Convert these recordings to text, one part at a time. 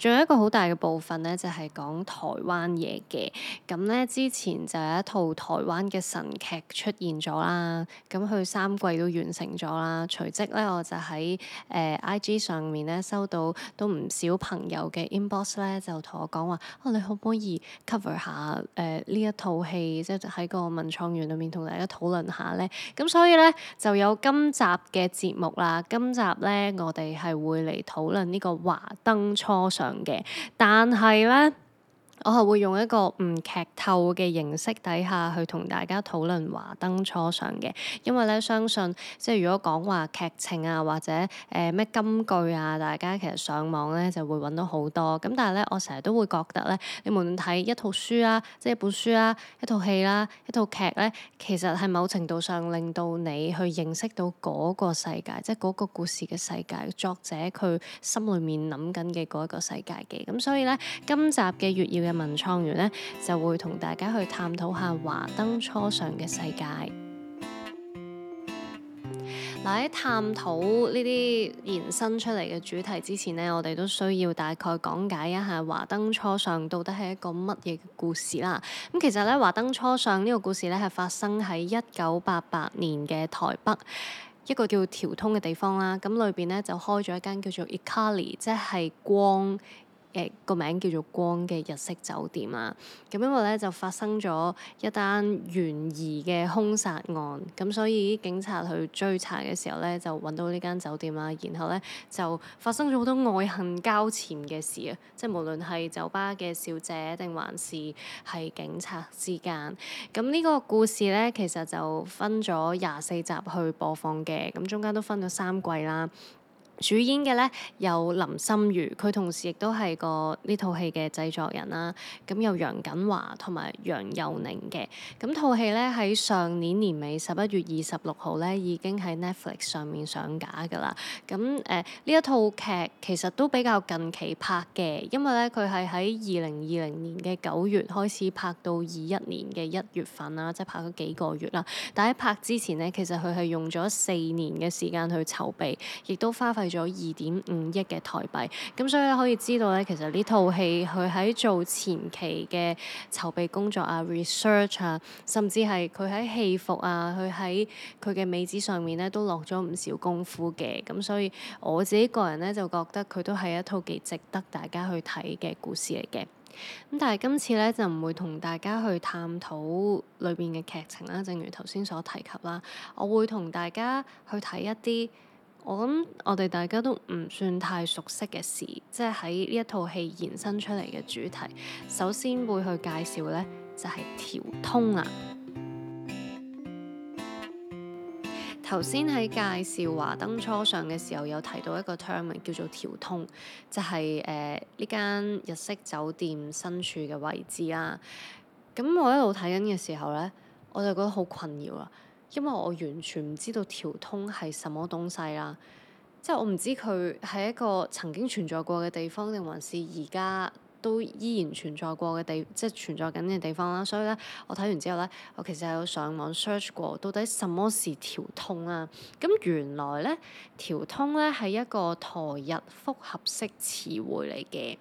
仲有一個好大嘅部分咧，就係、是、講台灣嘢嘅。咁咧之前就有一套台灣嘅神劇出現咗啦，咁佢三季都完成咗啦。隨即咧我就喺誒、呃、IG 上面咧收到都唔少朋友嘅 inbox 咧，就同我講話哦，你可唔可以 cover 下誒呢、呃、一套戲，即係喺個文創園裏面同大家討論下咧？咁所以咧就有今集嘅節目啦。今集咧我哋係會嚟討論呢個華燈初上。嘅，但係咧。我係會用一個唔劇透嘅形式底下去同大家討論華燈初上嘅，因為咧，相信即係如果講話劇情啊或者誒咩、呃、金句啊，大家其實上網咧就會揾到好多。咁但係咧，我成日都會覺得咧，你無論睇一套書啦、啊，即、就、係、是、一本書啦、啊，一套戲啦、啊，一套劇咧、啊啊，其實係某程度上令到你去認識到嗰個世界，即係嗰個故事嘅世界，作者佢心裏面諗緊嘅嗰一個世界嘅。咁所以咧，今集嘅月夜文創園咧，就會同大家去探討下華燈初上嘅世界。嗱，喺探討呢啲延伸出嚟嘅主題之前呢，我哋都需要大概講解一下華燈初上到底係一個乜嘢故事啦。咁其實咧，華燈初上呢個故事咧，係發生喺一九八八年嘅台北一個叫條通嘅地方啦。咁裏邊咧就開咗一間叫做 Hikari，即係光。誒個名叫做光嘅日式酒店啊，咁因為咧就發生咗一單懸疑嘅兇殺案，咁所以警察去追查嘅時候咧就揾到呢間酒店啦，然後咧就發生咗好多愛恨交纏嘅事啊！即係無論係酒吧嘅小姐定還是係警察之間，咁呢個故事咧其實就分咗廿四集去播放嘅，咁中間都分咗三季啦。主演嘅咧有林心如，佢同時亦都係個呢套戲嘅製作人啦。咁、啊、有楊謹華同埋楊佑寧嘅。咁套戲咧喺上年年尾十一月二十六號咧已經喺 Netflix 上面上架㗎啦。咁誒呢一套劇其實都比較近期拍嘅，因為咧佢係喺二零二零年嘅九月開始拍到二一年嘅一月份啦、啊，即係拍咗幾個月啦。但係拍之前咧，其實佢係用咗四年嘅時間去籌備，亦都花費。咗二點五億嘅台幣，咁所以咧可以知道咧，其實呢套戲佢喺做前期嘅籌備工作啊、research 啊，甚至係佢喺戲服啊、佢喺佢嘅美指上面咧，都落咗唔少功夫嘅。咁所以我自己個人咧就覺得佢都係一套幾值得大家去睇嘅故事嚟嘅。咁但係今次咧就唔會同大家去探討裏邊嘅劇情啦，正如頭先所提及啦，我會同大家去睇一啲。我諗我哋大家都唔算太熟悉嘅事，即係喺呢一套戲延伸出嚟嘅主題。首先會去介紹呢、就是，就係條通啊。頭先喺介紹華燈初上嘅時候，有提到一個 term 叫做條通，條通就係誒呢間日式酒店身處嘅位置啦。咁我一路睇緊嘅時候呢，我就覺得好困擾啊。因為我完全唔知道條通係什麼東西啦，即係我唔知佢係一個曾經存在過嘅地方，定還是而家都依然存在過嘅地，即係存在緊嘅地方啦。所以咧，我睇完之後咧，我其實有上網 search 過，到底什麼是條通啊？咁原來咧，條通咧係一個台日複合式詞彙嚟嘅。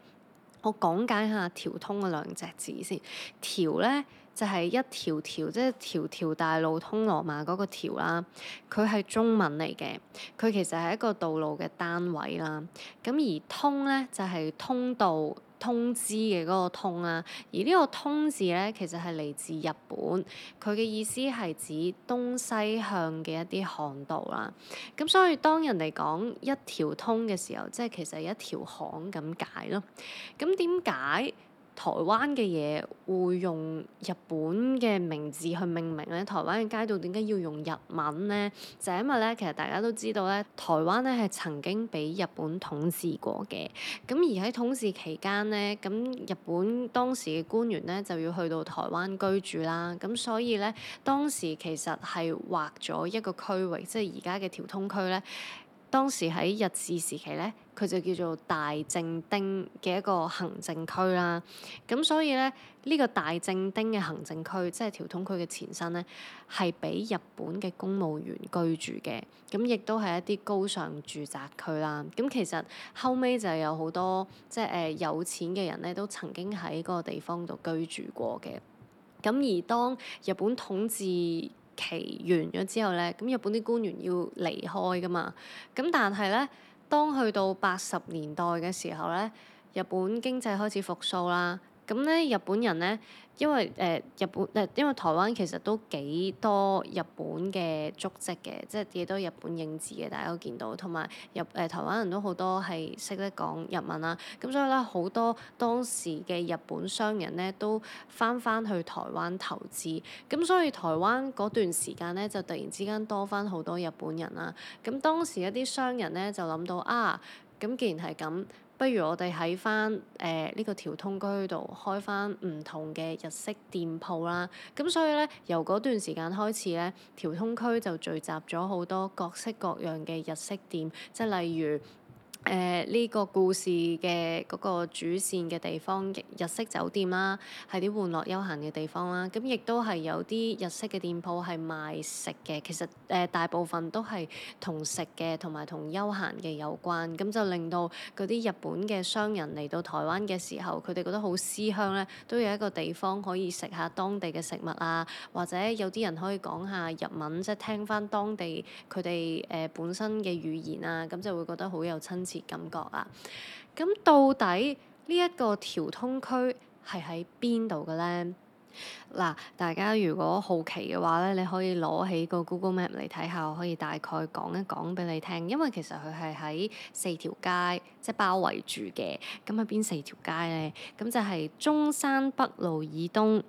我講解下條通嘅兩隻字先，條咧。就係一條條，即係一條條大路通羅馬嗰個條啦。佢係中文嚟嘅，佢其實係一個道路嘅單位啦。咁而通咧就係通道、通知嘅嗰個通啦。而呢個通字咧，其實係嚟自日本，佢嘅意思係指東西向嘅一啲巷道啦。咁所以當人哋講一條通嘅時候，即係其實一條巷咁解咯。咁點解？台灣嘅嘢會用日本嘅名字去命名咧，台灣嘅街道點解要用日文呢？就係因為咧，其實大家都知道咧，台灣咧係曾經俾日本統治過嘅。咁而喺統治期間呢，咁日本當時嘅官員咧就要去到台灣居住啦。咁所以咧，當時其實係劃咗一個區域，即係而家嘅條通區咧。當時喺日治時期咧，佢就叫做大正町嘅一個行政區啦。咁所以咧，呢、這個大正町嘅行政區，即係條通區嘅前身咧，係俾日本嘅公務員居住嘅。咁亦都係一啲高尚住宅區啦。咁其實後尾就有好多即係誒有錢嘅人咧，都曾經喺嗰個地方度居住過嘅。咁而當日本統治期完咗之後咧，咁日本啲官員要離開噶嘛，咁但係咧，當去到八十年代嘅時候咧，日本經濟開始復甦啦。咁咧日本人咧，因為誒、呃、日本誒，因為台灣其實都幾多日本嘅足跡嘅，即係幾多日本影子嘅，大家都見到，同埋日誒台灣人都好多係識得講日文啦、啊，咁所以咧好多當時嘅日本商人咧都返返去台灣投資，咁所以台灣嗰段時間咧就突然之間多返好多日本人啦、啊，咁當時一啲商人咧就諗到啊，咁既然係咁。不如我哋喺翻誒呢個條通區度開翻唔同嘅日式店鋪啦，咁所以呢，由嗰段時間開始呢條通區就聚集咗好多各式各樣嘅日式店，即係例如。誒呢、呃這個故事嘅嗰、那個主線嘅地方，日式酒店啦，係、啊、啲玩樂休閒嘅地方啦。咁、啊、亦都係有啲日式嘅店鋪係賣食嘅。其實誒、呃、大部分都係同食嘅，同埋同休閒嘅有關，咁、嗯、就令到嗰啲日本嘅商人嚟到台灣嘅時候，佢哋覺得好思鄉咧，都有一個地方可以食下當地嘅食物啊，或者有啲人可以講下日文，即係聽翻當地佢哋誒本身嘅語言啊，咁、嗯、就會覺得好有親感覺啊，咁到底呢一個條通區係喺邊度嘅咧？嗱，大家如果好奇嘅話咧，你可以攞起個 Google Map 嚟睇下，我可以大概講一講俾你聽。因為其實佢係喺四條街即係、就是、包圍住嘅。咁係邊四條街咧？咁就係中山北路以東、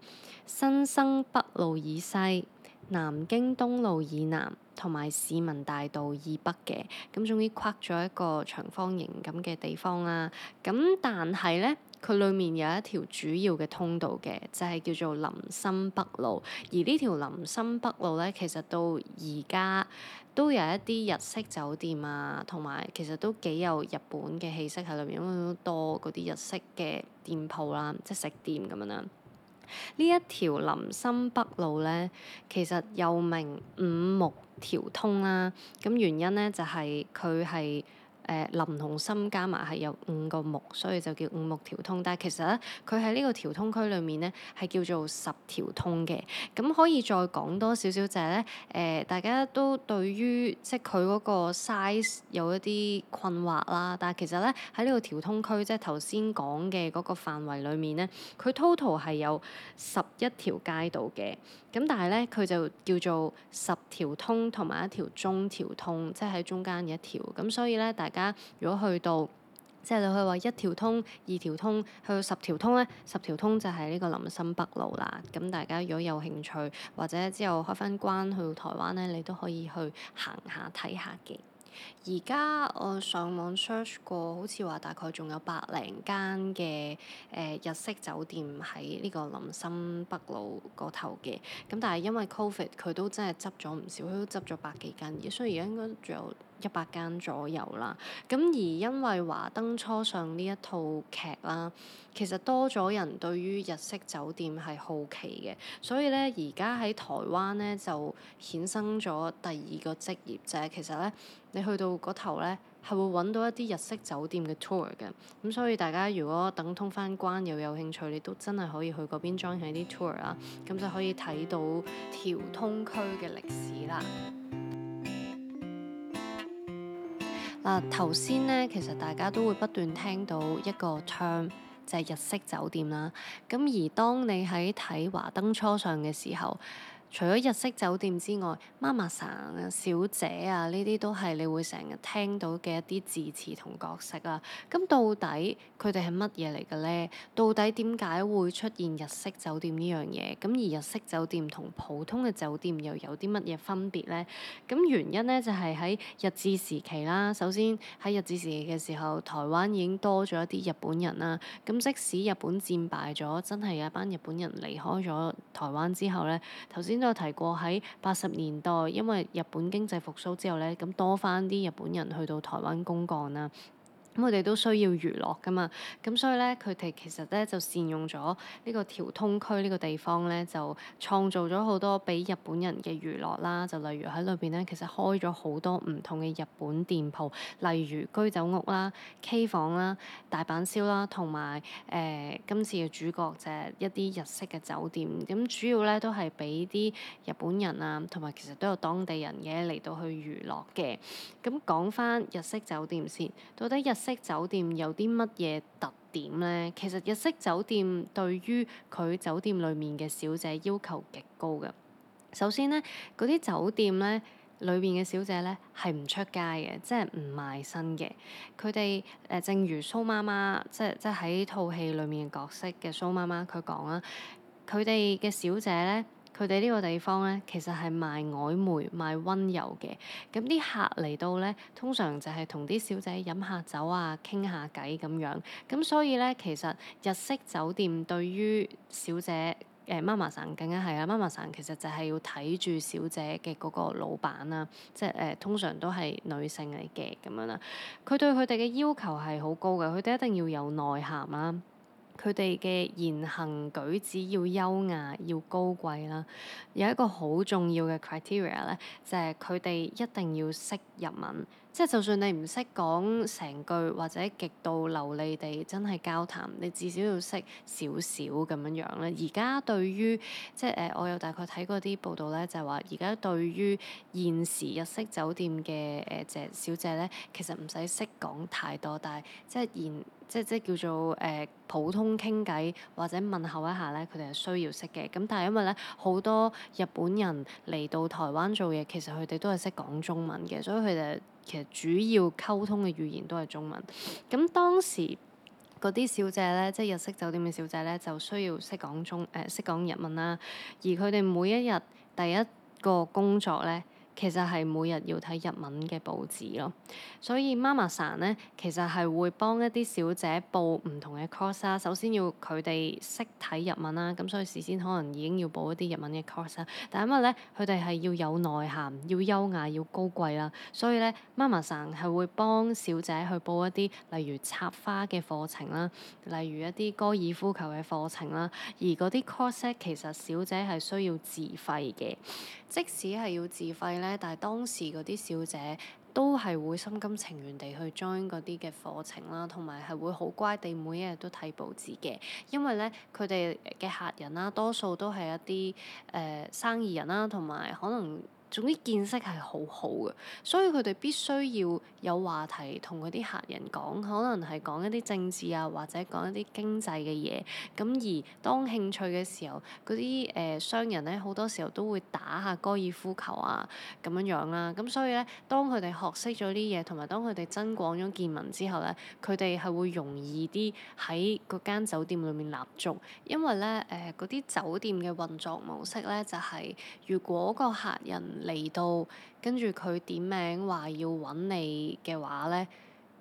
新生北路以西、南京東路以南，同埋市民大道以北嘅，咁終於框咗一個長方形咁嘅地方啦。咁但係咧，佢裡面有一條主要嘅通道嘅，就係、是、叫做林森北路，而呢條林森北路咧，其實到而家都有一啲日式酒店啊，同埋其實都幾有日本嘅氣息喺裏面，因為都多嗰啲日式嘅店鋪啦、啊，即係食店咁樣啦。呢一條林森北路咧，其實又名五木條通啦。咁原因咧就係佢係。誒、呃、林同森加埋係有五個木，所以就叫五木條通。但係其實咧，佢喺呢個條通區裏面咧，係叫做十條通嘅。咁可以再講多少少就係咧，誒、呃，大家都對於即係佢嗰個 size 有一啲困惑啦。但係其實咧，喺呢個條通區，即係頭先講嘅嗰個範圍裏面咧，佢 total 係有十一條街道嘅。咁但係呢，佢就叫做十條通同埋一條中條通，即係喺中間嘅一條。咁所以呢，大家如果去到即係你話一條通、二條通去到十條通呢，十條通就係呢個林森北路啦。咁大家如果有興趣或者之後開翻關去到台灣呢，你都可以去行下睇下嘅。而家我上網 search 過，好似話大概仲有百零間嘅誒、呃、日式酒店喺呢個林森北路嗰頭嘅。咁但係因為 covid 佢都真係執咗唔少，佢都執咗百幾間，所以而家應該仲有一百間左右啦，咁而因為華燈初上呢一套劇啦，其實多咗人對於日式酒店係好奇嘅，所以咧而家喺台灣咧就衍生咗第二個職業啫。就係、其實咧，你去到嗰頭咧係會揾到一啲日式酒店嘅 tour 嘅，咁所以大家如果等通返關又有興趣，你都真係可以去嗰邊 join 起啲 tour 啦，咁就可以睇到條通區嘅歷史啦。嗱，頭先呢，其實大家都會不斷聽到一個 term，就係日式酒店啦。咁而當你喺睇華燈初上嘅時候，除咗日式酒店之外，媽媽桑、小姐啊，呢啲都係你會成日聽到嘅一啲字詞同角色啊。咁到底佢哋係乜嘢嚟嘅咧？到底點解會出現日式酒店呢樣嘢？咁而日式酒店同普通嘅酒店又有啲乜嘢分別咧？咁原因咧，就係、是、喺日治時期啦。首先喺日治時期嘅時候，台灣已經多咗一啲日本人啦。咁即使日本戰敗咗，真係有一班日本人離開咗台灣之後咧，頭先。都有提過喺八十年代，因為日本經濟復甦之後咧，咁多翻啲日本人去到台灣公幹啦。咁我哋都需要娛樂噶嘛，咁所以咧佢哋其實咧就善用咗呢個條通區呢個地方咧，就創造咗好多俾日本人嘅娛樂啦，就例如喺裏邊咧，其實開咗好多唔同嘅日本店鋪，例如居酒屋啦、K 房啦、大阪燒啦，同埋誒今次嘅主角就係一啲日式嘅酒店，咁主要咧都係俾啲日本人啊，同埋其實都有當地人嘅嚟到去娛樂嘅。咁講翻日式酒店先，到底日？日式酒店有啲乜嘢特點呢？其實日式酒店對於佢酒店裏面嘅小姐要求極高嘅。首先呢，嗰啲酒店呢裏面嘅小姐呢係唔出街嘅，即係唔賣身嘅。佢哋誒，正如蘇媽媽，即係即係喺套戲裏面嘅角色嘅蘇媽媽，佢講啦，佢哋嘅小姐呢。佢哋呢個地方咧，其實係賣曖昧、賣溫柔嘅。咁啲客嚟到咧，通常就係同啲小姐飲下酒啊、傾下偈咁樣。咁所以咧，其實日式酒店對於小姐誒媽媽桑更加係啦，媽媽桑其實就係要睇住小姐嘅嗰個老闆啦、啊，即係誒通常都係女性嚟嘅咁樣啦。佢對佢哋嘅要求係好高嘅，佢哋一定要有內涵啦、啊。佢哋嘅言行舉止，要優雅，要高貴啦，有一個好重要嘅 criteria 咧，就係佢哋一定要識日文，即係就算你唔識講成句或者極度流利地真係交談，你至少要識少少咁樣樣啦。而家對於即係誒，我有大概睇過啲報道咧，就係話而家對於現時日式酒店嘅誒姐、小姐咧，其實唔使識講太多，但係即係現。就是現即即叫做誒、呃、普通傾偈或者問候一下咧，佢哋係需要識嘅。咁但係因為咧好多日本人嚟到台灣做嘢，其實佢哋都係識講中文嘅，所以佢哋其實主要溝通嘅語言都係中文。咁當時嗰啲小姐咧，即日式酒店嘅小姐咧，就需要識講中誒、呃、識講日文啦。而佢哋每一日第一個工作咧，其實係每日要睇日文嘅報紙咯，所以媽媽桑咧，其實係會幫一啲小姐報唔同嘅 course 啦。首先要佢哋識睇日文啦，咁所以事先可能已經要報一啲日文嘅 course 啦。但因為咧，佢哋係要有內涵、要優雅、要高貴啦，所以咧，媽媽桑係會幫小姐去報一啲例如插花嘅課程啦，例如一啲高爾夫球嘅課程啦而課程。而嗰啲 course 其實小姐係需要自費嘅，即使係要自費咧。咧，但係當時嗰啲小姐都係會心甘情願地去 join 嗰啲嘅課程啦，同埋係會好乖地每一日都睇報紙嘅，因為咧，佢哋嘅客人啦，多數都係一啲誒、呃、生意人啦，同埋可能。總之見識係好好嘅，所以佢哋必須要有話題同嗰啲客人講，可能係講一啲政治啊，或者講一啲經濟嘅嘢。咁而當興趣嘅時候，嗰啲誒商人咧，好多時候都會打下高爾夫球啊咁樣樣啦。咁所以咧，當佢哋學識咗啲嘢，同埋當佢哋增廣咗見聞之後咧，佢哋係會容易啲喺嗰間酒店裡面立足，因為咧誒嗰啲酒店嘅運作模式咧就係如果個客人嚟到跟住佢點名要話要揾你嘅話咧。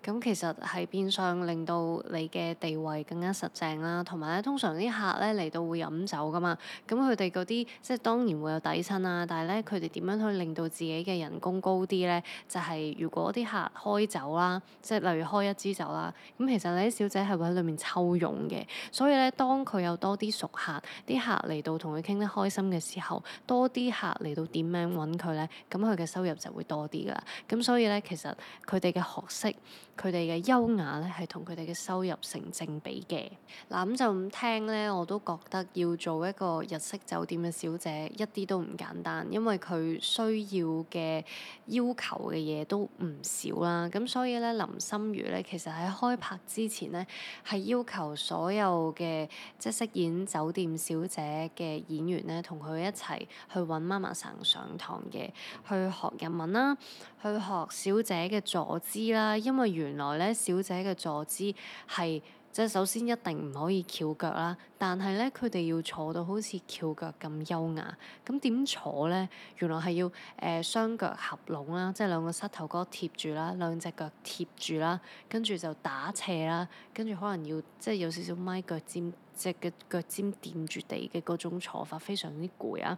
咁其實係變相令到你嘅地位更加實淨啦，同埋咧，通常啲客咧嚟到會飲酒噶嘛，咁佢哋嗰啲即係當然會有底薪啦、啊，但係咧佢哋點樣去令到自己嘅人工高啲咧？就係、是、如果啲客開酒啦，即係例如開一支酒啦，咁其實咧小姐係會喺裏面抽傭嘅，所以咧當佢有多啲熟客，啲客嚟到同佢傾得開心嘅時候，多啲客嚟到點名揾佢咧，咁佢嘅收入就會多啲噶啦。咁所以咧，其實佢哋嘅學識。佢哋嘅優雅咧係同佢哋嘅收入成正比嘅。嗱，咁就咁聽咧，我都覺得要做一個日式酒店嘅小姐一啲都唔簡單，因為佢需要嘅要求嘅嘢都唔少啦。咁所以咧，林心如咧其實喺開拍之前咧，係要求所有嘅即係飾演酒店小姐嘅演員咧，同佢一齊去揾媽媽桑上堂嘅，去學日文啦。去學小姐嘅坐姿啦，因為原來咧小姐嘅坐姿係即係首先一定唔可以翹腳啦，但係咧佢哋要坐到好似翹腳咁優雅，咁點坐咧？原來係要誒、呃、雙腳合攏啦，即係兩個膝頭哥貼住啦，兩隻腳貼住啦，跟住就打斜啦，跟住可能要即係有少少咪腳尖，隻腳腳尖墊住地嘅嗰種坐法非常之攰啊！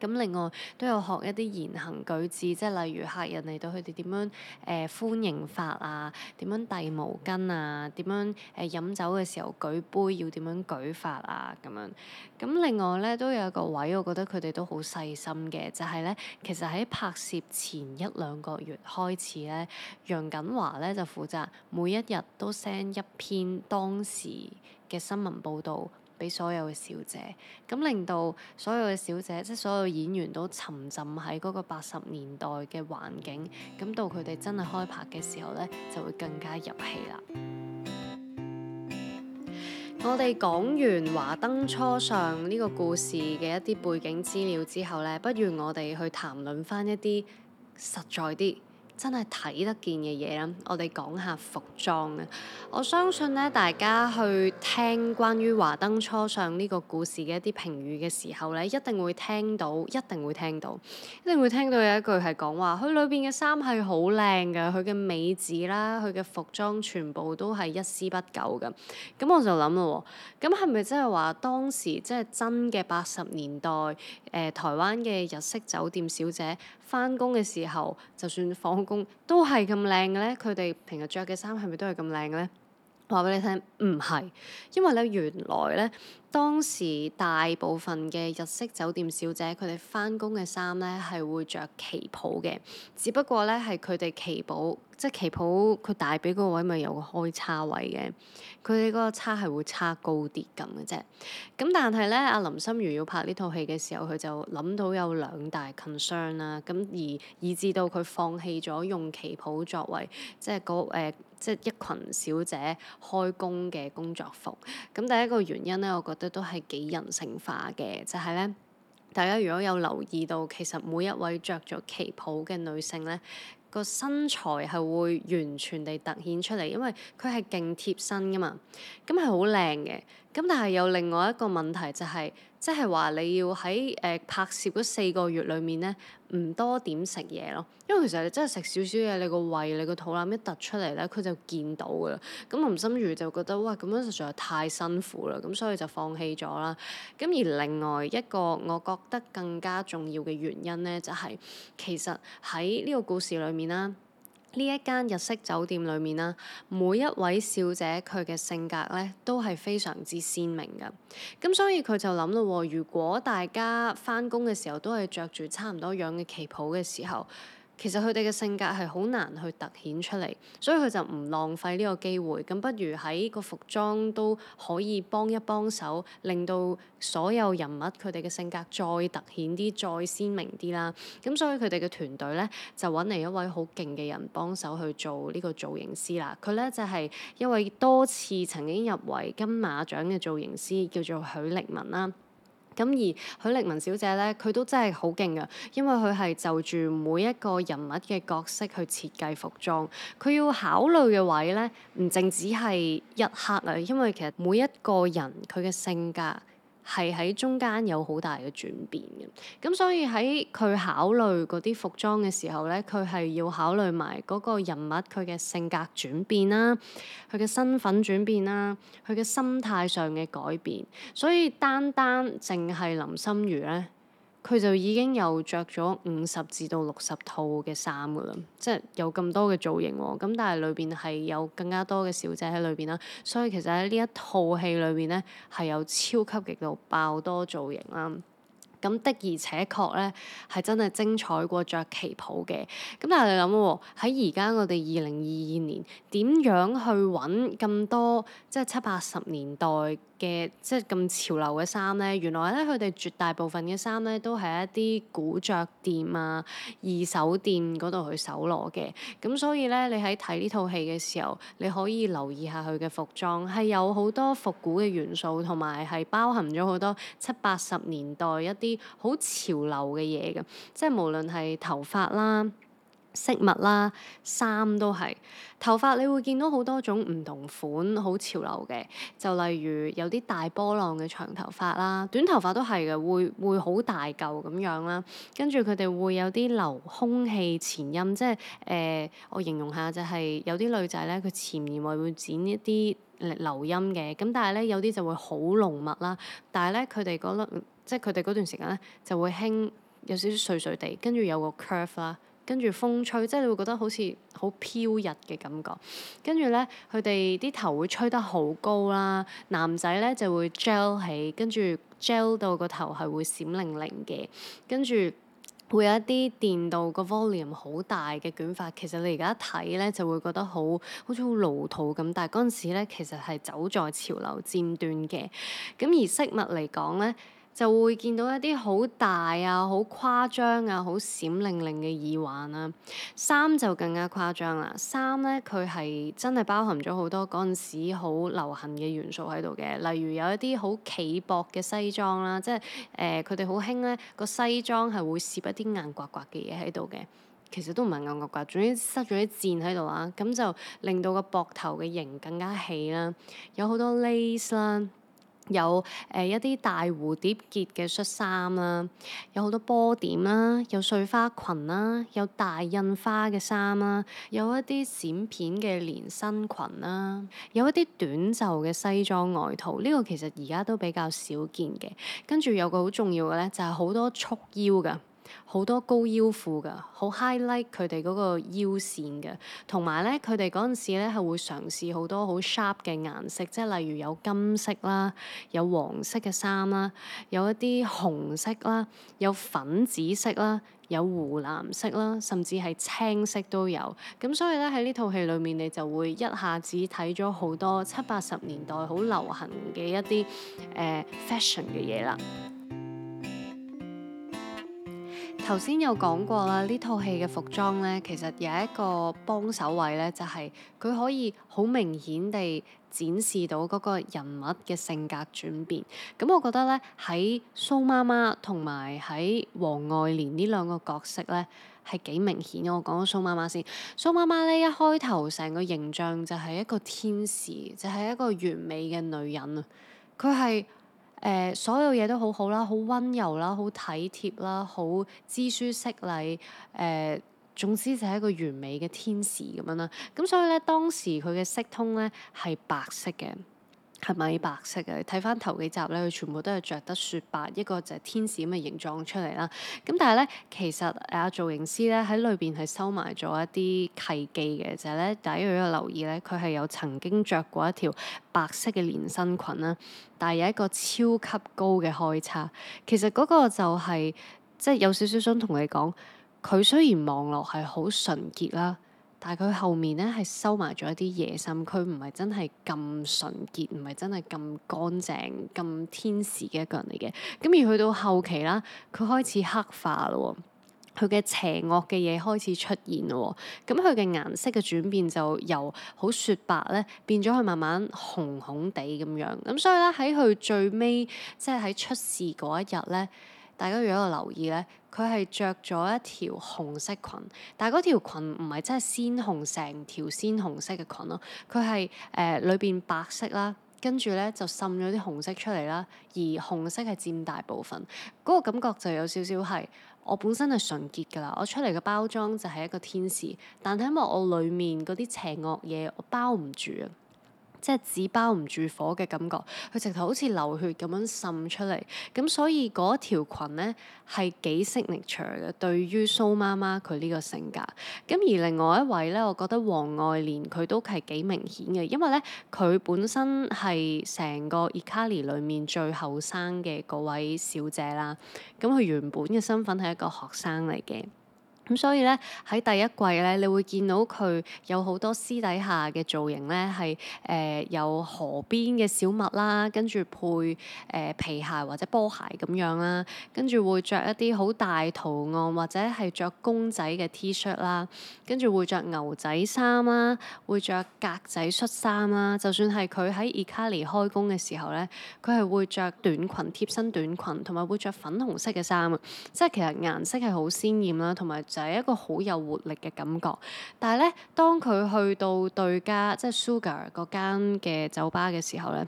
咁另外都有學一啲言行舉止，即係例如客人嚟到佢哋點樣誒、呃、歡迎法啊，點樣遞毛巾啊，點樣誒、呃、飲酒嘅時候舉杯要點樣舉法啊咁樣。咁另外咧都有個位，我覺得佢哋都好細心嘅，就係、是、咧，其實喺拍攝前一兩個月開始咧，楊謹華咧就負責每一日都 send 一篇當時嘅新聞報導。俾所有嘅小姐，咁令到所有嘅小姐，即係所有演員都沉浸喺嗰個八十年代嘅環境，咁到佢哋真係開拍嘅時候咧，就會更加入戲啦。 我哋講完華燈初上呢個故事嘅一啲背景資料之後咧，不如我哋去談論翻一啲實在啲。真係睇得見嘅嘢啦，我哋講下服裝啊！我相信咧，大家去聽關於華燈初上呢個故事嘅一啲評語嘅時候咧，一定會聽到，一定會聽到，一定會聽到有一句係講話佢裏邊嘅衫係好靚噶，佢嘅美姿啦，佢嘅服裝全部都係一絲不苟噶。咁我就諗咯，咁係咪即係話當時即係、就是、真嘅八十年代誒、呃、台灣嘅日式酒店小姐返工嘅時候，就算放都係咁靚嘅咧，佢哋平日著嘅衫係咪都係咁靚嘅咧？話俾你聽，唔係，因為咧原來咧當時大部分嘅日式酒店小姐佢哋翻工嘅衫咧係會着旗袍嘅，只不過咧係佢哋旗袍，即係旗袍佢大髀嗰位咪有個開叉位嘅，佢哋個叉係會叉高啲咁嘅啫。咁但係咧，阿林心如要拍呢套戲嘅時候，佢就諗到有兩大 concern 啦、啊，咁而以至到佢放棄咗用旗袍作為即係嗰誒。呃即係一群小姐開工嘅工作服，咁第一個原因咧，我覺得都係幾人性化嘅，就係咧，大家如果有留意到，其實每一位着咗旗袍嘅女性咧，個身材係會完全地突顯出嚟，因為佢係勁貼身噶嘛，咁係好靚嘅。咁但係有另外一個問題就係、是，即係話你要喺誒、呃、拍攝嗰四個月裡面呢，唔多點食嘢咯，因為其實你真係食少少嘢，你個胃、你個肚腩一突出嚟呢，佢就見到㗎喇。咁、嗯、林心如就覺得哇，咁樣實在太辛苦啦，咁、嗯、所以就放棄咗啦。咁、嗯、而另外一個我覺得更加重要嘅原因呢，就係、是、其實喺呢個故事裡面啦。呢一間日式酒店裏面啦，每一位小姐佢嘅性格咧都係非常之鮮明嘅，咁所以佢就諗咯，如果大家返工嘅時候都係着住差唔多樣嘅旗袍嘅時候。其實佢哋嘅性格係好難去突顯出嚟，所以佢就唔浪費呢個機會，咁不如喺個服裝都可以幫一幫手，令到所有人物佢哋嘅性格再突顯啲、再鮮明啲啦。咁所以佢哋嘅團隊呢，就揾嚟一位好勁嘅人幫手去做呢個造型師啦。佢呢就係一位多次曾經入圍金馬獎嘅造型師，叫做許力文啦。咁而許力文小姐呢，佢都真係好勁噶，因為佢係就住每一個人物嘅角色去設計服裝。佢要考慮嘅位呢，唔淨只係一刻啊，因為其實每一個人佢嘅性格。係喺中間有好大嘅轉變嘅，咁所以喺佢考慮嗰啲服裝嘅時候呢，佢係要考慮埋嗰個人物，佢嘅性格轉變啦，佢嘅身份轉變啦，佢嘅心態上嘅改變，所以單單淨係林心如呢，佢就已經有着咗五十至到六十套嘅衫㗎啦，即係有咁多嘅造型喎、哦。咁但係裏邊係有更加多嘅小姐喺裏邊啦，所以其實喺呢一套戲裏邊呢，係有超級極度爆多造型啦。咁的而且確呢，係真係精彩過著旗袍嘅。咁但係你諗喎、啊，喺而家我哋二零二二年點樣去揾咁多即係七八十年代嘅即係咁潮流嘅衫咧，原來咧佢哋絕大部分嘅衫咧都係一啲古着店啊、二手店嗰度去搜羅嘅，咁所以咧，你喺睇呢套戲嘅時候，你可以留意下佢嘅服裝，係有好多復古嘅元素，同埋係包含咗好多七八十年代一啲好潮流嘅嘢嘅，即係無論係頭髮啦。飾物啦，衫都係，頭髮，你會見到好多種唔同款，好潮流嘅。就例如有啲大波浪嘅長頭髮啦，短頭髮都係嘅，會會好大嚿咁樣啦。跟住佢哋會有啲留空氣前音，即係誒、呃，我形容下就係、是、有啲女仔呢，佢前面會剪一啲留音嘅。咁但係呢，有啲就會好濃密啦，但係呢，佢哋嗰粒即係佢哋嗰段時間呢，就會興有少少碎碎地，跟住有個 curve 啦。跟住風吹，即係你會覺得好似好飄逸嘅感覺。跟住呢，佢哋啲頭會吹得好高啦。男仔呢就會 gel 起，跟住 gel 到個頭係會閃靈靈嘅。跟住會有一啲電到個 volume 好大嘅捲髮，其實你而家一睇呢，就會覺得好好似好老土咁。但係嗰陣時呢，其實係走在潮流尖端嘅。咁而飾物嚟講呢。就會見到一啲好大啊、好誇張啊、好閃靈靈嘅耳環啦、啊。衫就更加誇張啦。衫呢，佢係真係包含咗好多嗰陣時好流行嘅元素喺度嘅，例如有一啲好企膊嘅西裝啦、啊，即係誒佢哋好興呢個西裝係會攝一啲硬刮刮嘅嘢喺度嘅，其實都唔係硬刮刮，總之塞咗啲箭喺度啊，咁就令到個膊頭嘅型更加起啦，有好多 lace 啦。有誒一啲大蝴蝶結嘅恤衫啦，有好多波點啦、啊，有碎花裙啦、啊，有大印花嘅衫啦，有一啲閃片嘅連身裙啦、啊，有一啲短袖嘅西裝外套，呢、這個其實而家都比較少見嘅。跟住有個好重要嘅咧，就係好多束腰㗎。好多高腰褲㗎，好 highlight 佢哋嗰個腰線㗎，同埋咧佢哋嗰陣時咧係會嘗試好多好 sharp 嘅顏色，即係例如有金色啦，有黃色嘅衫啦，有一啲紅色啦，有粉紫色啦，有湖藍色啦，甚至係青色都有。咁所以咧喺呢套戲裡面，你就會一下子睇咗好多七八十年代好流行嘅一啲、呃、fashion 嘅嘢啦。頭先有講過啦，呢套戲嘅服裝呢，其實有一個幫手位呢，就係、是、佢可以好明顯地展示到嗰個人物嘅性格轉變。咁、嗯、我覺得呢，喺蘇媽媽同埋喺黃愛蓮呢兩個角色呢，係幾明顯。我講蘇媽媽先媽媽，蘇媽媽呢一開頭成個形象就係一個天使，就係、是、一個完美嘅女人啊，佢係。誒、呃、所有嘢都好好啦，好温柔啦，好體貼啦，好知書識禮誒，總之就係一個完美嘅天使咁樣啦。咁所以呢，當時佢嘅色通呢係白色嘅。係咪白色嘅？睇翻頭幾集呢，佢全部都係着得雪白，一個就係天使咁嘅形狀出嚟啦。咁但係呢，其實阿、啊、造型師呢喺裏邊係收埋咗一啲契機嘅，就係、是、呢，大家要有留意呢，佢係有曾經着過一條白色嘅連身裙啦，但係有一個超級高嘅開叉。其實嗰個就係即係有少少想同你講，佢雖然望落係好純潔啦。但係佢後面咧係收埋咗一啲野心，佢唔係真係咁純潔，唔係真係咁乾淨、咁天使嘅一個人嚟嘅。咁而去到後期啦，佢開始黑化咯，佢嘅邪惡嘅嘢開始出現咯。咁佢嘅顏色嘅轉變就由好雪白咧變咗，佢慢慢紅紅地咁樣。咁所以咧喺佢最尾，即係喺出事嗰一日咧。大家如果有留意咧，佢係著咗一條紅色裙，但係嗰條裙唔係真係鮮紅，成條鮮紅色嘅裙咯。佢係誒裏邊白色啦，跟住咧就滲咗啲紅色出嚟啦，而紅色係佔大部分。嗰個感覺就有少少係我本身係純潔㗎啦，我出嚟嘅包裝就係一個天使，但係因為我裡面嗰啲邪惡嘢，我包唔住啊。即係紙包唔住火嘅感覺，佢直頭好似流血咁樣滲出嚟，咁所以嗰條裙呢係幾 signature 嘅。對於蘇媽媽佢呢個性格，咁而另外一位呢，我覺得王愛蓮佢都係幾明顯嘅，因為呢，佢本身係成個 Hikari 裏面最後生嘅嗰位小姐啦。咁佢原本嘅身份係一個學生嚟嘅。咁所以呢，喺第一季呢，你會見到佢有好多私底下嘅造型呢係誒、呃、有河邊嘅小物啦，跟住配誒、呃、皮鞋或者波鞋咁樣啦，跟住會着一啲好大圖案或者係着公仔嘅 T-shirt 啦，跟住會着牛仔衫啦，會着格仔恤衫，衫啦。就算係佢喺 Hikari 開工嘅時候呢，佢係會着短裙、貼身短裙，同埋會着粉紅色嘅衫啊，即係其實顏色係好鮮豔啦，同埋。就係一個好有活力嘅感覺，但係咧，當佢去到對家即係、就是、Sugar 嗰間嘅酒吧嘅時候咧，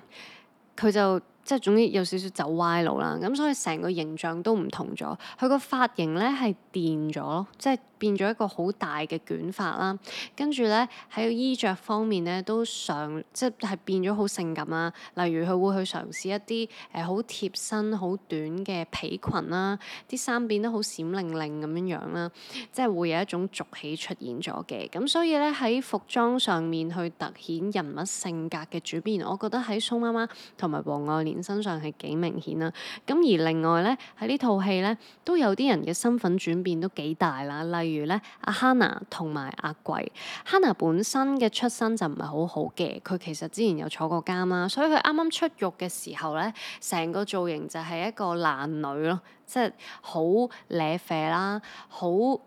佢就即係、就是、總之有少少走歪路啦。咁所以成個形象都唔同咗。佢個髮型咧係電咗咯，即係。就是變咗一個好大嘅捲髮啦，跟住呢，喺衣着方面呢，都上，即係變咗好性感啦、啊。例如佢會去嘗試一啲誒好貼身、好短嘅皮裙啦、啊，啲衫變得好閃靈靈咁樣樣啦，即係會有一種俗氣出現咗嘅。咁所以呢，喺服裝上面去突顯人物性格嘅轉變，我覺得喺宋媽媽同埋黃愛蓮身上係幾明顯啦、啊。咁而另外呢，喺呢套戲呢，都有啲人嘅身份轉變都幾大啦，例例如咧，阿 Hanna 同埋阿桂，Hanna 本身嘅出身就唔係好好嘅，佢其實之前有坐過監啦，所以佢啱啱出獄嘅時候咧，成個造型就係一個爛女咯，即係好瀨啡啦，好唔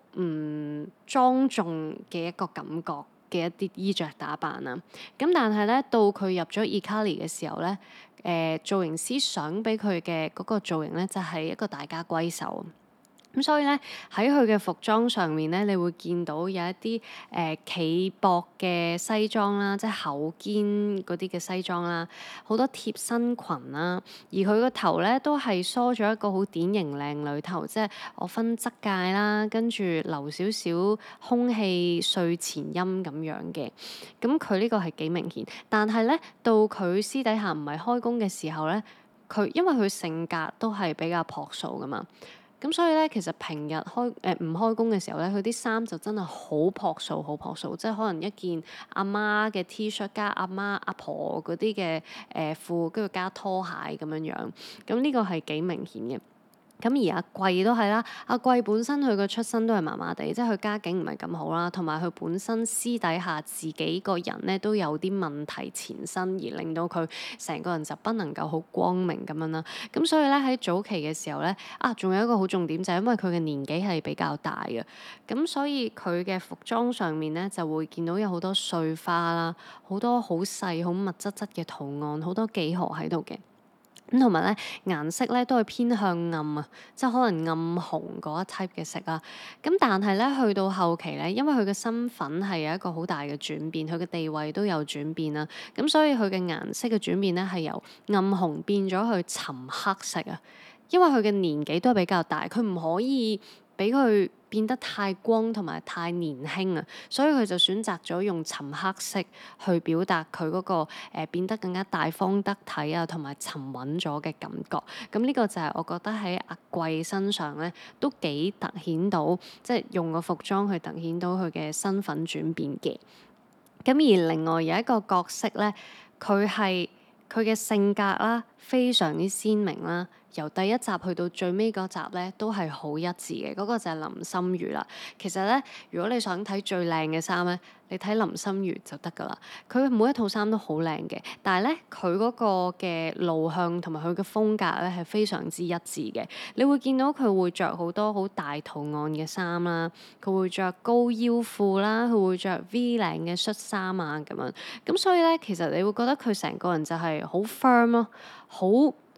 莊重嘅一個感覺嘅一啲衣着打扮啊。咁但係咧，到佢入咗 Hikari 嘅時候咧，誒、呃、造型師想俾佢嘅嗰個造型咧，就係一個大家閨秀。咁所以咧，喺佢嘅服裝上面咧，你會見到有一啲誒、呃、企膊嘅西裝啦，即係厚肩嗰啲嘅西裝啦，好多貼身裙啦。而佢個頭咧，都係梳咗一個好典型靚女頭，即係我分側界啦，跟住留少少空氣睡前音咁樣嘅。咁佢呢個係幾明顯，但係咧，到佢私底下唔係開工嘅時候咧，佢因為佢性格都係比較樸素噶嘛。咁所以咧，其實平日開誒唔、呃、開工嘅時候咧，佢啲衫就真係好樸素，好樸素，即係可能一件阿媽嘅 T 恤，加阿媽阿婆嗰啲嘅誒褲，跟住加拖鞋咁樣樣。咁呢個係幾明顯嘅。咁而阿貴都係啦，阿貴本身佢個出身都係麻麻地，即係佢家境唔係咁好啦，同埋佢本身私底下自己個人咧都有啲問題纏身，而令到佢成個人就不能夠好光明咁樣啦。咁所以咧喺早期嘅時候咧，啊，仲有一個好重點就係因為佢嘅年紀係比較大嘅，咁所以佢嘅服裝上面咧就會見到有好多碎花啦，好多好細好密質質嘅圖案，好多幾何喺度嘅。咁同埋咧，顏色咧都係偏向暗啊，即係可能暗紅嗰一 type 嘅色啦、啊。咁但係咧，去到後期咧，因為佢嘅身份係有一個好大嘅轉變，佢嘅地位都有轉變啦、啊。咁所以佢嘅顏色嘅轉變咧，係由暗紅變咗去沉黑色啊。因為佢嘅年紀都係比較大，佢唔可以俾佢變得太光同埋太年輕啊，所以佢就選擇咗用沉黑色去表達佢嗰、那個誒、呃、變得更加大方得體啊，同埋沉穩咗嘅感覺。咁呢個就係我覺得喺阿貴身上咧都幾突顯到，即、就、係、是、用個服裝去突顯到佢嘅身份轉變嘅。咁而另外有一個角色咧，佢係佢嘅性格啦。非常之鮮明啦，由第一集去到最尾嗰集咧，都係好一致嘅。嗰個就係林心如啦。其實咧，如果你想睇最靚嘅衫咧，你睇林心如就得噶啦。佢每一套衫都好靚嘅，但係咧，佢嗰個嘅路向同埋佢嘅風格咧係非常之一致嘅。你會見到佢會着好多好大圖案嘅衫啦，佢會着高腰褲啦，佢會着 V 領嘅恤衫啊咁樣。咁所以咧，其實你會覺得佢成個人就係好 firm 咯。好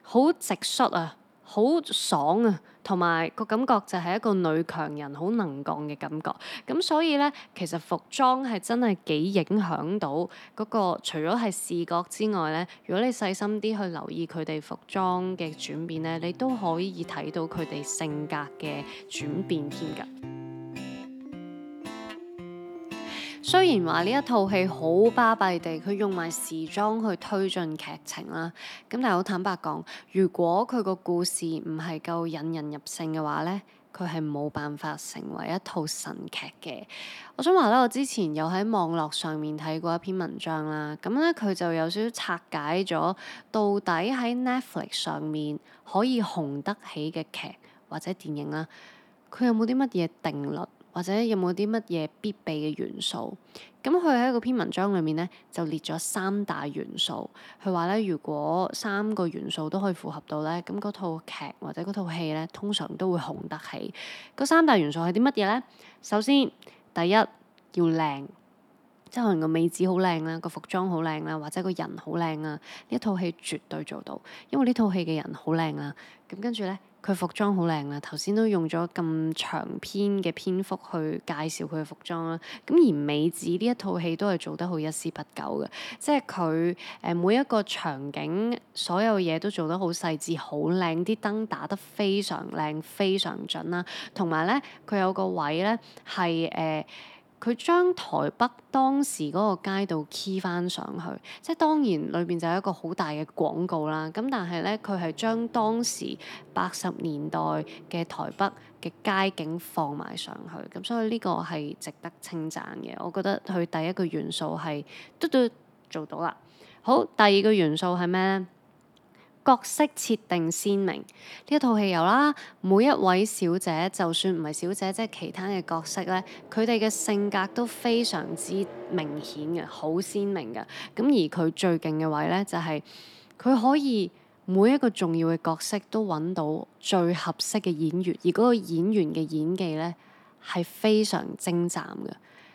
好直率啊，好爽啊，同埋個感覺就係一個女強人，好能幹嘅感覺。咁所以呢，其實服裝係真係幾影響到嗰個。除咗係視覺之外呢。如果你細心啲去留意佢哋服裝嘅轉變呢，你都可以睇到佢哋性格嘅轉變添㗎。雖然話呢一套戲好巴閉地，佢用埋時裝去推進劇情啦。咁但係好坦白講，如果佢個故事唔係夠引人入勝嘅話呢，佢係冇辦法成為一套神劇嘅。我想話咧，我之前有喺網絡上面睇過一篇文章啦。咁咧佢就有少少拆解咗，到底喺 Netflix 上面可以紅得起嘅劇或者電影啦，佢有冇啲乜嘢定律？或者有冇啲乜嘢必備嘅元素？咁佢喺嗰篇文章裏面咧，就列咗三大元素。佢話咧，如果三個元素都可以符合到咧，咁嗰套劇或者嗰套戲咧，通常都會紅得起。嗰三大元素係啲乜嘢咧？首先，第一，要靚。即係可能個美子好靚啦，個服裝好靚啦，或者個人好靚啊！呢一套戲絕對做到，因為呢套戲嘅人好靚啦。咁跟住呢，佢服裝好靚啦。頭先都用咗咁長篇嘅篇幅去介紹佢嘅服裝啦。咁而美子呢一套戲都係做得好一絲不苟嘅，即係佢誒每一個場景，所有嘢都做得好細緻、好靚，啲燈打得非常靚、非常準啦。同埋呢，佢有個位呢係誒。呃佢將台北當時嗰個街道 key 翻上去，即係當然裏邊就有一個好大嘅廣告啦。咁但係呢，佢係將當時八十年代嘅台北嘅街景放埋上去，咁所以呢個係值得稱讚嘅。我覺得佢第一個元素係嘟嘟做到啦。好，第二個元素係咩咧？角色設定鮮明，呢一套戲由啦每一位小姐，就算唔係小姐，即係其他嘅角色咧，佢哋嘅性格都非常之明顯嘅，好鮮明嘅。咁而佢最勁嘅位咧，就係佢可以每一個重要嘅角色都揾到最合適嘅演員，而嗰個演員嘅演技咧係非常精湛嘅，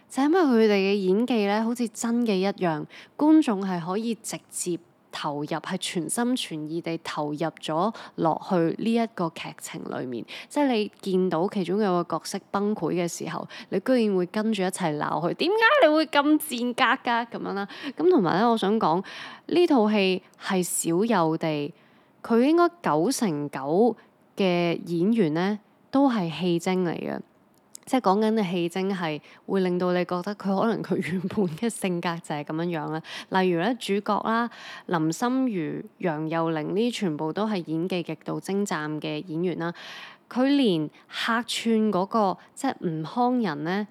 就係因為佢哋嘅演技咧好似真嘅一樣，觀眾係可以直接，投入，係全心全意地投入咗落去呢一個劇情裏面，即係你見到其中有一個角色崩潰嘅時候，你居然會跟住一齊鬧佢，點解你會咁賤格㗎？咁樣啦，咁同埋咧，我想講呢套戲係少有地，佢應該九成九嘅演員呢都係戲精嚟嘅。即係講緊嘅戲精係會令到你覺得佢可能佢原本嘅性格就係咁樣樣啦。例如咧，主角啦，林心如、楊佑寧呢，全部都係演技極度精湛嘅演員啦。佢連客串嗰、那個即係、就是、吳康仁咧。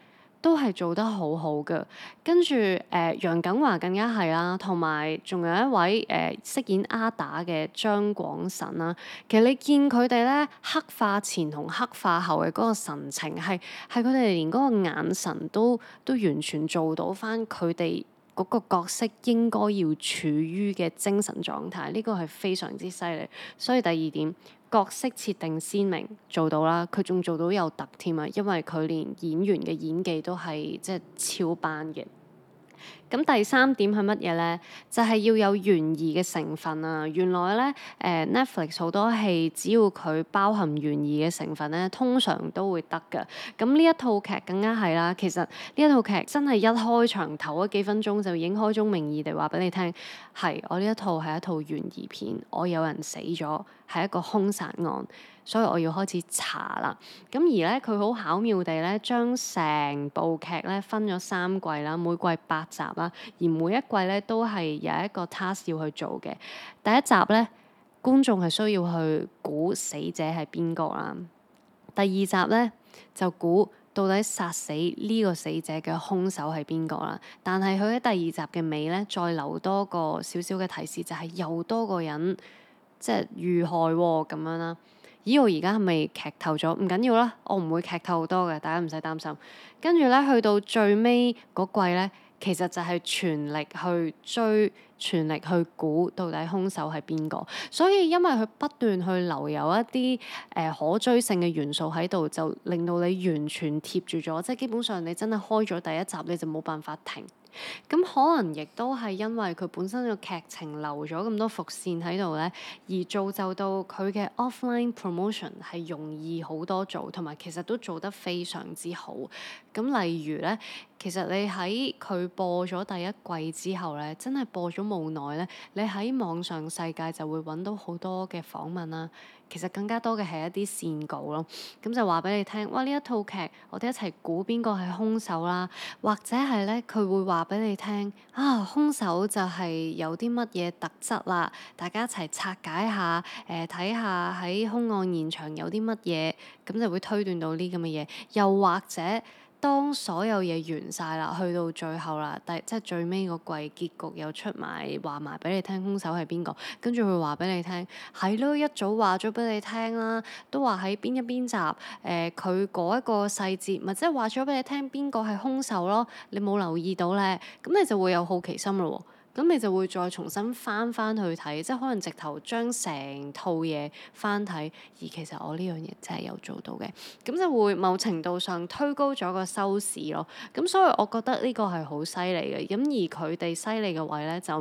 都係做得好好嘅，跟住誒，楊謹華更加係啦，同埋仲有一位誒飾、呃、演阿達嘅張廣臣啦。其實你見佢哋咧黑化前同黑化後嘅嗰個神情係係佢哋連嗰個眼神都都完全做到翻佢哋。嗰個角色應該要處於嘅精神狀態，呢、這個係非常之犀利。所以第二點，角色設定鮮明做到啦，佢仲做到有特點啊，因為佢連演員嘅演技都係即係超班嘅。咁第三點係乜嘢呢？就係要有懸疑嘅成分啊！原來呢誒、呃、Netflix 好多戲，只要佢包含懸疑嘅成分呢，通常都會得㗎。咁呢一套劇更加係啦，其實呢一套劇真係一開場頭嗰幾分鐘就已經開宗明義地話俾你聽，係我呢一套係一套懸疑片，我有人死咗，係一個兇殺案。所以我要開始查啦。咁而咧，佢好巧妙地咧，將成部劇咧分咗三季啦，每季八集啦。而每一季咧都係有一個 task 要去做嘅。第一集咧，觀眾係需要去估死者係邊個啦。第二集咧就估到底殺死呢個死者嘅兇手係邊個啦。但係佢喺第二集嘅尾咧再留多個少少嘅提示，就係又多個人即係遇害喎咁樣啦。咦，以我而家係咪劇透咗？唔緊要啦，我唔會劇透好多嘅，大家唔使擔心。跟住呢，去到最尾嗰季呢，其實就係全力去追，全力去估到底兇手係邊個。所以因為佢不斷去留有一啲誒、呃、可追性嘅元素喺度，就令到你完全貼住咗，即係基本上你真係開咗第一集你就冇辦法停。咁可能亦都係因為佢本身個劇情留咗咁多伏線喺度咧，而造就到佢嘅 offline promotion 係容易好多做，同埋其實都做得非常之好。咁例如咧，其實你喺佢播咗第一季之後咧，真係播咗無耐咧，你喺網上世界就會揾到好多嘅訪問啦。其實更加多嘅係一啲線稿咯，咁就話俾你聽，哇！呢一套劇，我哋一齊估邊個係兇手啦，或者係咧佢會話俾你聽，啊，兇手就係有啲乜嘢特質啦，大家一齊拆解下，誒睇下喺兇案現場有啲乜嘢，咁就會推斷到呢啲咁嘅嘢，又或者。當所有嘢完晒啦，去到最後啦，第即係最尾個季結局又出埋話埋俾你聽兇手係邊個，跟住佢話俾你聽，係咯，一早話咗俾你聽啦，都話喺邊一邊集，誒佢嗰一個細節，咪即係話咗俾你聽邊個係兇手咯，你冇留意到咧？咁你就會有好奇心咯喎。咁你就會再重新翻翻去睇，即係可能直頭將成套嘢翻睇，而其實我呢樣嘢真係有做到嘅，咁就會某程度上推高咗個收視咯。咁所以我覺得呢個係好犀利嘅，咁而佢哋犀利嘅位呢，就，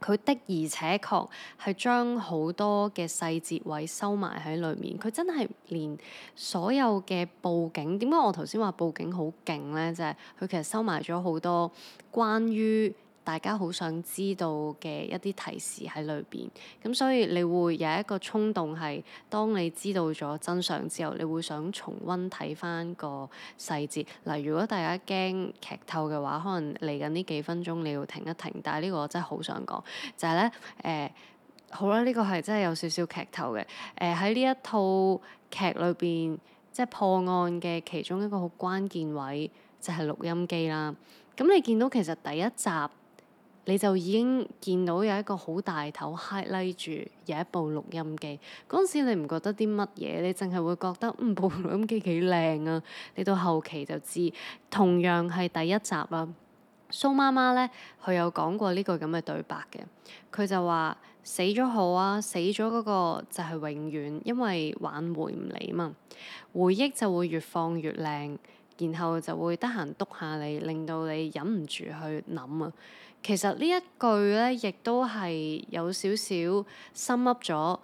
佢的而且確係將好多嘅細節位收埋喺裡面，佢真係連所有嘅布景，點解我頭先話布景好勁呢？就係佢其實收埋咗好多關於。大家好，想知道嘅一啲提示喺裏邊。咁所以你會有一個衝動，係當你知道咗真相之後，你會想重温睇翻個細節。嗱，如果大家驚劇透嘅話，可能嚟緊呢幾分鐘你要停一停。但係呢個我真係好想講，就係咧，誒，好啦，呢個係真係有少少劇透嘅。誒，喺呢一套劇裏邊，即係破案嘅其中一個好關鍵位，就係錄音機啦。咁你見到其實第一集。你就已經見到有一個好大頭揩曬住有一部錄音機。嗰陣 時你唔覺得啲乜嘢？你淨係會覺得嗯，部錄音機幾靚啊！你到後期就知，同樣係第一集啦，啊。蘇媽媽呢，佢有講過呢個咁嘅對白嘅，佢就話死咗好啊，死咗嗰個就係永遠，因為挽回唔嚟嘛，回憶就會越放越靚，然後就會得閒篤下你，令到你忍唔住去諗啊！其實呢一句呢，亦都係有少少深奧咗。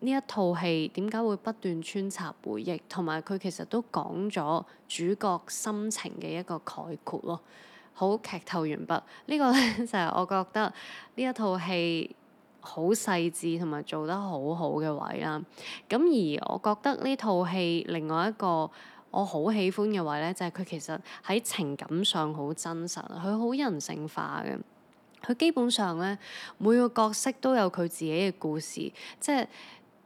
呢一套戲點解會不斷穿插回憶，同埋佢其實都講咗主角心情嘅一個概括咯。好，劇透完畢，呢、呢個呢，就係我覺得呢一套戲好細緻同埋做得好好嘅位啦。咁而我覺得呢套戲另外一個我好喜歡嘅位呢，就係佢其實喺情感上好真實，佢好人性化嘅。佢基本上咧，每個角色都有佢自己嘅故事，即係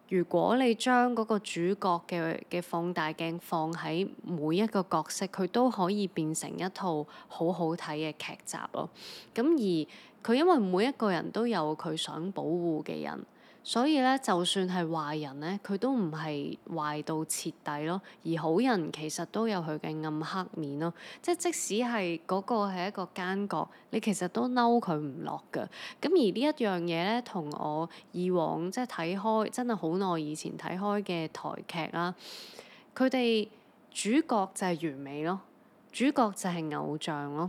如果你將嗰個主角嘅嘅放大鏡放喺每一個角色，佢都可以變成一套好好睇嘅劇集咯。咁而佢因為每一個人都有佢想保護嘅人。所以咧，就算係壞人咧，佢都唔係壞到徹底咯。而好人其實都有佢嘅暗黑面咯。即係即使係嗰個係一個奸角，你其實都嬲佢唔落㗎。咁而呢一樣嘢咧，同我以往即係睇開，真係好耐以前睇開嘅台劇啦。佢哋主角就係完美咯，主角就係偶像咯。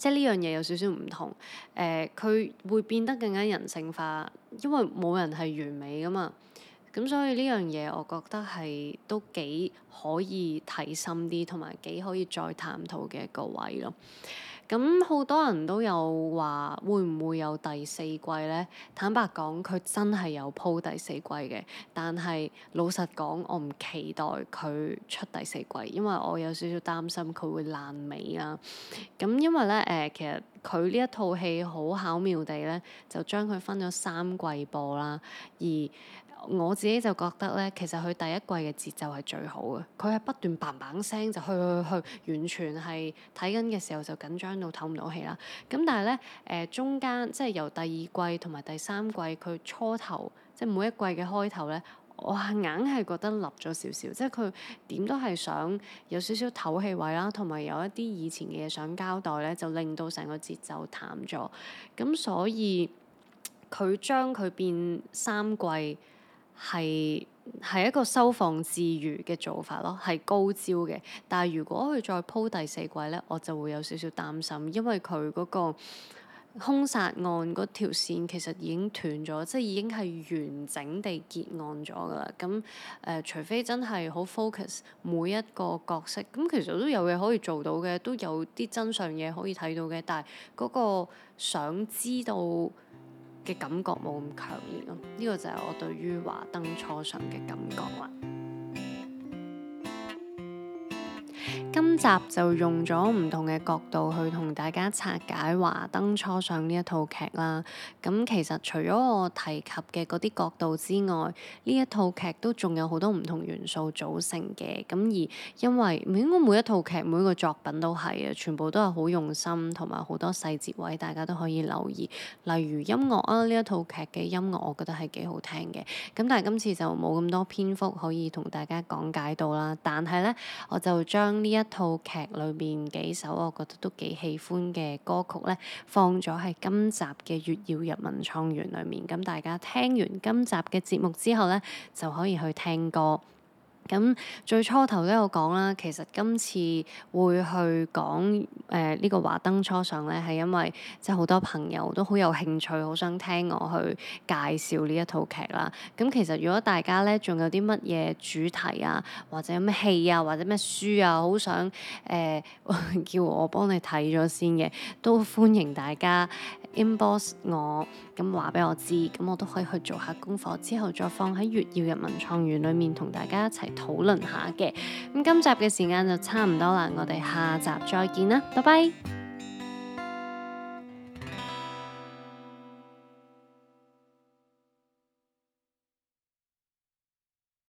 即係呢樣嘢有少少唔同，誒、呃，佢會變得更加人性化，因為冇人係完美㗎嘛，咁所以呢樣嘢我覺得係都幾可以睇深啲，同埋幾可以再探討嘅一個位咯。咁好、嗯、多人都有話會唔會有第四季呢？坦白講，佢真係有鋪第四季嘅，但係老實講，我唔期待佢出第四季，因為我有少少擔心佢會爛尾啦、啊。咁、嗯、因為咧，誒、呃，其實佢呢一套戲好巧妙地咧，就將佢分咗三季播啦，而我自己就覺得呢，其實佢第一季嘅節奏係最好嘅，佢係不斷 bang bang 聲就去去去，完全係睇緊嘅時候就緊張到唞唔到氣啦。咁但係呢，誒、呃、中間即係由第二季同埋第三季佢初頭，即係每一季嘅開頭呢，我硬係覺得立咗少少，即係佢點都係想有少少唞氣位啦，同埋有，有一啲以前嘅嘢想交代呢，就令到成個節奏淡咗。咁所以佢將佢變三季。係，係一個收放自如嘅做法咯，係高招嘅。但係如果佢再鋪第四季呢，我就會有少少擔心，因為佢嗰個兇殺案嗰條線其實已經斷咗，即係已經係完整地結案咗㗎啦。咁誒，呃，除非真係好 focus 每一個角色，咁其實都有嘢可以做到嘅，都有啲真相嘢可以睇到嘅。但係嗰個想知道。嘅感覺冇咁強烈咯，呢、這個就係我對於華燈初上嘅感覺啦。今集就用咗唔同嘅角度去同大家拆解《華燈初上》呢一套劇啦。咁其實除咗我提及嘅嗰啲角度之外，呢一套劇都仲有好多唔同元素組成嘅。咁而因為應該每一套劇每個作品都係啊，全部都係好用心，同埋好多細節位，大家都可以留意。例如音樂啊，呢一套劇嘅音樂我覺得係幾好聽嘅。咁但係今次就冇咁多篇幅可以同大家講解到啦。但係咧，我就將呢一一套劇裏面幾首，我覺得都幾喜歡嘅歌曲咧，放咗喺今集嘅《粵要入文創園》裏面。咁大家聽完今集嘅節目之後咧，就可以去聽歌。咁最初頭都有講啦，其實今次會去講誒，呢個華燈初上咧，係因為即係好多朋友都好有興趣，好想聽我去介紹呢一套劇啦。咁其實如果大家咧仲有啲乜嘢主題啊，或者有咩戲啊，或者咩書啊，好想誒、呃、 叫我幫你睇咗先嘅，都歡迎大家。Inbox 我咁話俾我知，咁我都可以去做下功課，之後再放喺粵語人文創園裏面同大家一齊討論下嘅。咁今集嘅時間就差唔多啦，我哋下集再見啦，拜拜。